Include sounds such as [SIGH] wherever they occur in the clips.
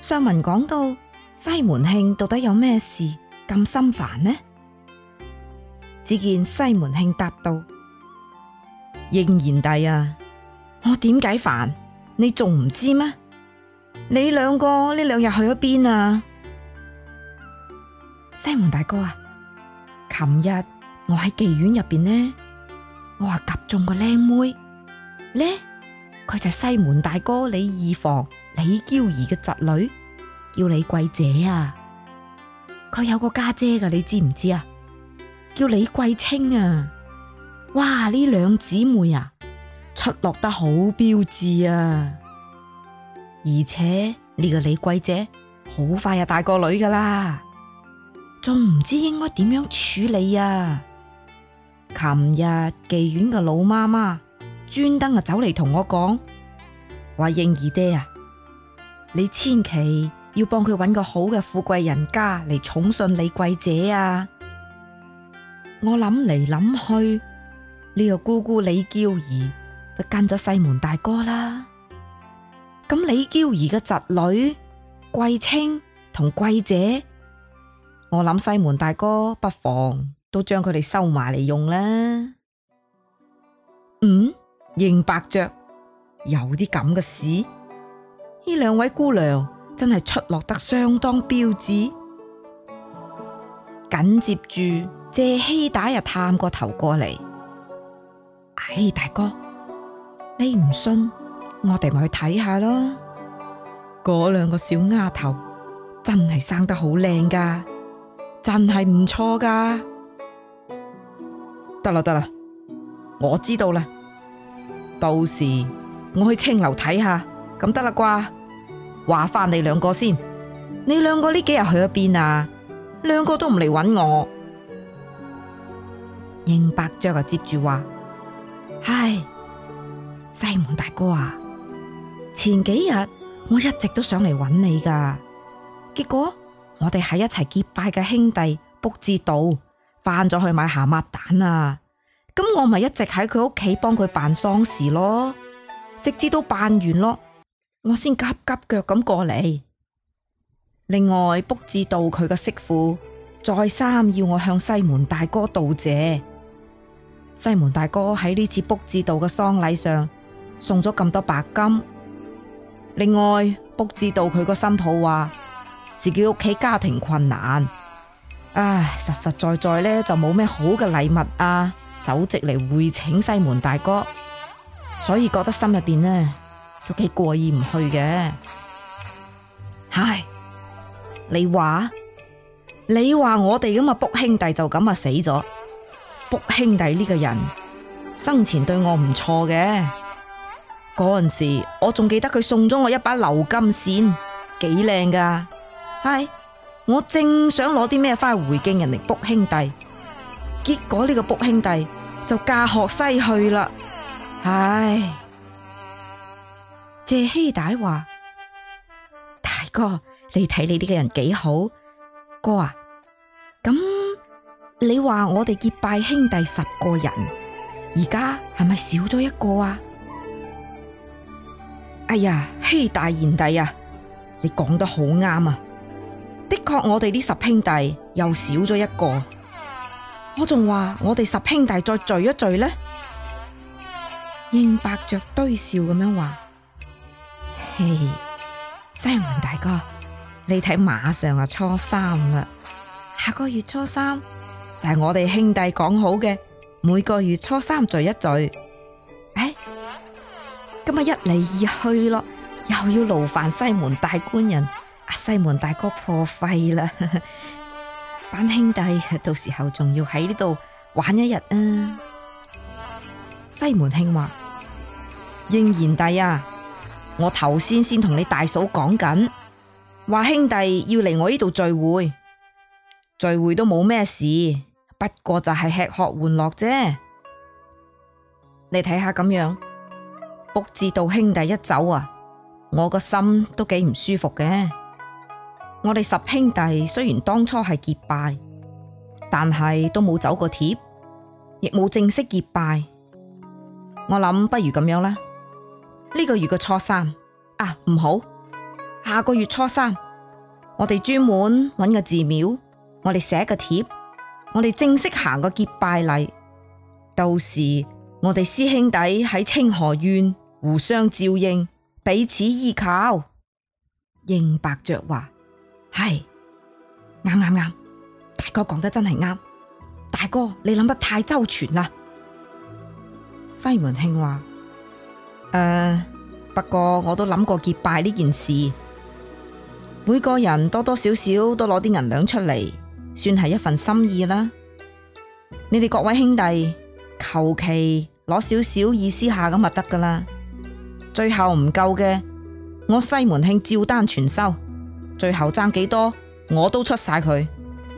上文講到西門慶到底有咩事咁心煩呢？只見西門慶答道：應賢弟啊，我點解煩？你仲唔知咩？你兩個呢兩日去咗邊啊？西門大哥啊，琴日我喺妓院入邊呢，我話夾中個靚妹呢，佢就係西門大哥李二房。李嬌兒嘅侄女叫李貴姐啊，佢有個家姐噶，你知唔知啊？叫李貴清啊！哇，呢兩姊妹啊，出落得好標致啊！而且呢個李貴姐好快就大個女噶啦，仲唔知應該點樣處理啊？琴日妓院嘅老媽媽專登啊走嚟同我講，話嬰兒爹啊！你千祈要幫佢搵個好嘅富貴人家嚟寵信你貴姐啊！我諗嚟諗去，呢個姑姑李嬌兒就跟咗西門大哥啦。咁李嬌兒嘅侄女貴青同貴姐，我諗西門大哥不妨都將佢哋收埋嚟用啦。嗯，認白着，有啲咁嘅事。呢兩位姑娘真係出落得相當標致。緊接住，借希打又探個頭過嚟。哎，大哥，你唔信，我哋咪去睇下囉。嗰兩個小丫頭真係生得好靚噶，真係唔錯噶。得啦得啦，我知道啦。到時我去青樓睇下。咁得啦啩，話翻你兩個先，你兩個呢幾日去咗邊啊？兩個都唔嚟搵我。應伯爵啊，接住話，唉，西門大哥啊，前幾日我一直都想嚟搵你噶，結果我哋喺一齊結拜嘅兄弟卜志道翻咗去買咸鴨蛋啊，咁我咪一直喺佢屋企幫佢辦喪事咯，直至到辦完咯。我先急急腳咁過嚟。另外卜志道佢個媳婦再三要我向西門大哥道謝。西門大哥喺呢次卜志道嘅喪禮上送咗咁多白金。另外卜志道佢個新抱話自己屋企家庭困難，唉，實實在在呢，就冇咩好嘅禮物啊，走直嚟會請西門大哥，所以覺得心入邊呢。都幾過意唔去嘅，唉！你話你話我哋咁啊，卜兄弟就咁啊死咗，卜兄弟呢個人生前對我唔錯嘅，嗰陣時我仲記得佢送咗我一把鎏金線，幾靚噶，唉！我正想攞啲咩返去回敬人哋卜兄弟，結果呢個卜兄弟就駕鶴西去啦，唉！謝希大話：大哥，你睇你呢個人幾好，哥啊，咁你話我哋結拜兄弟十個人，而家係咪少咗一個啊？哎呀，希大賢弟啊，你講得好啱啊！的確，我哋呢十兄弟又少咗一個，我仲話我哋十兄弟再聚一聚呢？應伯爵堆笑咁樣話。西門大哥，你睇馬上啊初三啦，下個月初三就係、是、我哋兄弟講好嘅，每個月初三聚一聚。唉、哎，咁啊一嚟二去咯，又要勞煩西門大官人，西門大哥破費啦，班 [LAUGHS] 兄弟到時候仲要喺呢度玩一日啊！西門慶話：應賢弟啊！我頭先先同你大嫂講緊，話兄弟要嚟我呢度聚會，聚會都冇咩事，不過就係吃喝玩樂啫。你睇下咁樣，卜志道兄弟一走啊，我個心都幾唔舒服嘅。我哋十兄弟雖然當初係結拜，但係都冇走過帖，亦冇正式結拜。我諗不如咁樣啦。呢個月嘅初三啊，唔好下個月初三，我哋專門揾個寺廟，我哋寫個帖，我哋正式行個結拜禮。到時我哋師兄弟喺清河縣互相照應，彼此依靠。應伯爵話：係啱啱啱，大哥講得真係啱。大哥你諗得太周全啦。西門慶話。誒，uh, 不過我都諗過結拜呢件事，每個人多多少少都攞啲銀兩出嚟，算係一份心意啦。你哋各位兄弟，求其攞少少意思下咁咪得噶啦。最後唔夠嘅，我西門慶照單全收，最後爭幾多我都出晒佢，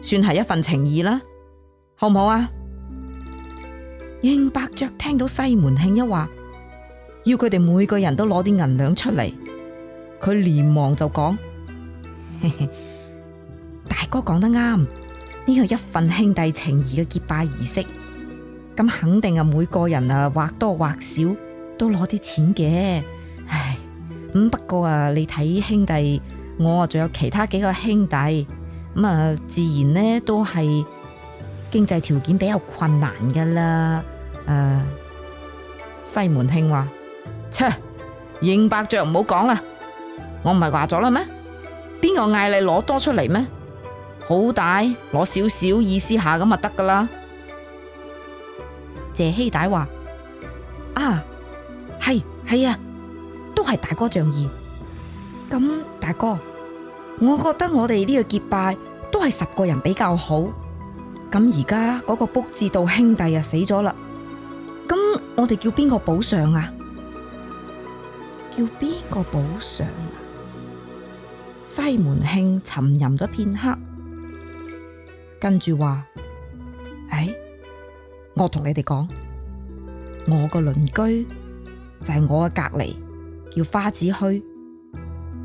算係一份情意啦，好唔好啊？應伯爵聽到西門慶一話。要佢哋每個人都攞啲銀兩出嚟，佢連忙就講： [LAUGHS] 大哥講得啱，呢個一份兄弟情義嘅結拜儀式，咁肯定啊，每個人啊或多或少都攞啲錢嘅。唉，咁不過啊，你睇兄弟，我啊仲有其他幾個兄弟，咁啊自然呢都係經濟條件比較困難噶啦。誒、啊，西門慶話。切應伯爵唔好講啦，我唔係話咗啦咩？邊個嗌你攞多出嚟咩？好大攞少少意思下咁咪得噶啦？謝希大話啊，係係啊，都係大哥仗義。咁、嗯、大哥，我覺得我哋呢個結拜都係十個人比較好。咁而家嗰個卜志道兄弟又死咗啦，咁、嗯、我哋叫邊個補償啊？叫邊個補償啊？西門慶沉吟咗片刻，跟住話：唉、哎，我同你哋講，我個鄰居就係我嘅隔籬，叫花子虛。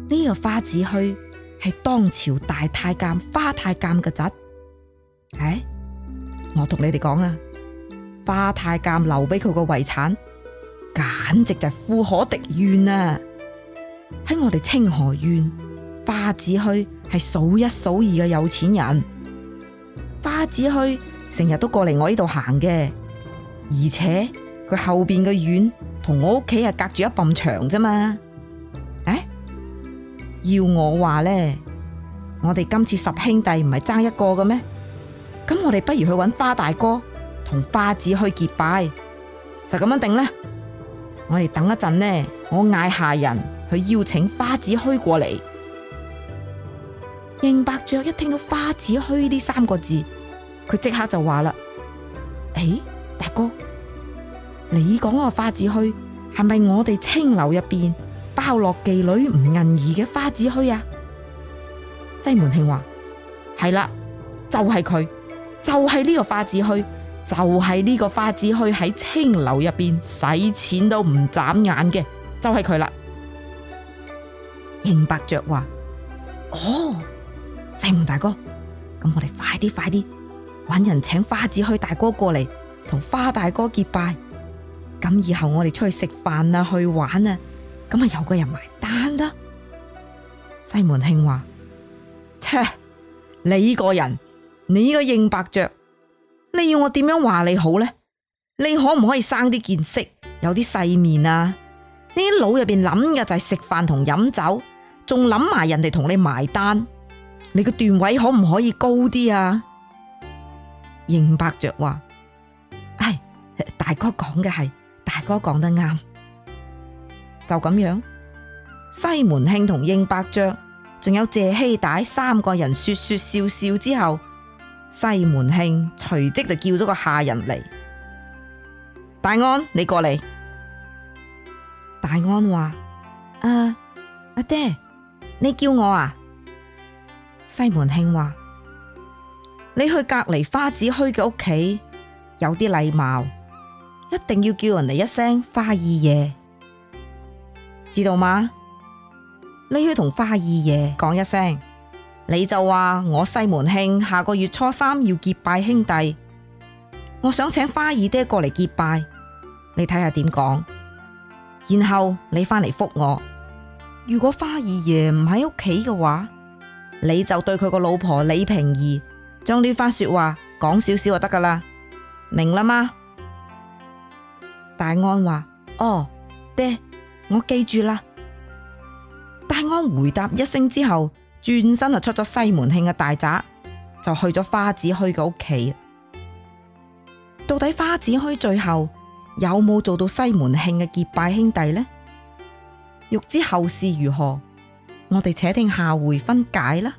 呢、這個花子虛係當朝大太監花太監嘅侄。唉，我同你哋講啊，花太監、哎、留俾佢個遺產。簡直就係富可敵願啊！喺我哋清河縣花子虛係數一數二嘅有錢人，花子虛成日都過嚟，我呢度行嘅，而且佢後邊嘅院同我屋企係隔住一埲牆啫嘛。誒，要我話呢，我哋今次十兄弟唔係爭一個嘅咩？咁我哋不如去揾花大哥同花子虛結拜，就咁樣定啦。我哋等一陣呢，我嗌下人去邀請花子虛過嚟。應伯爵一聽到花子虛呢三個字，佢即刻就話啦：，誒、欸，大哥，你講個花子虛係咪我哋青樓入邊包落妓女吳銀兒嘅花子虛啊？西門慶話：係啦，就係、是、佢，就係、是、呢個花子虛。就係呢個花子虛喺青樓入邊使錢都唔眨眼嘅，就係佢啦。應伯爵話：，哦，西門大哥，咁我哋快啲快啲，搵人請花子虛大哥過嚟，同花大哥結拜。咁以後我哋出去食飯啊，去玩啊，咁啊有個人埋單啦、啊。西門慶話：，切，你個人，你個應伯爵。你要我點樣話你好呢？你可唔可以生啲見識，有啲世面啊？呢啲腦入邊諗嘅就係食飯同飲酒，仲諗埋人哋同你埋單，你個段位可唔可以高啲啊？應伯爵話：，唉，大哥講嘅係，大哥講得啱，就咁樣。西門慶同應伯爵，仲有謝希大三個人說說笑笑之後。西門慶隨即就叫咗個下人嚟：大安，你過嚟。大安話：啊，阿爹，你叫我啊。西門慶話：你去隔離花子虛嘅屋企，有啲禮貌，一定要叫人哋一聲花二爺，知道嗎？你去同花二爺講一聲。你就話我西門慶下個月初三要結拜兄弟，我想請花二爹過嚟，結拜你睇下點講，然後你翻嚟復我。如果花二爺唔喺屋企嘅話，你就對佢個老婆李萍兒將呢番說話講少少就得噶啦，明啦嗎？大安話：哦，爹，我記住啦。大安回答一聲之後。轉身就出咗西門慶嘅大宅，就去咗花子虛嘅屋企。到底花子虛最後有冇做到西門慶嘅結拜兄弟呢？欲知後事如何，我哋且聽下回分解啦。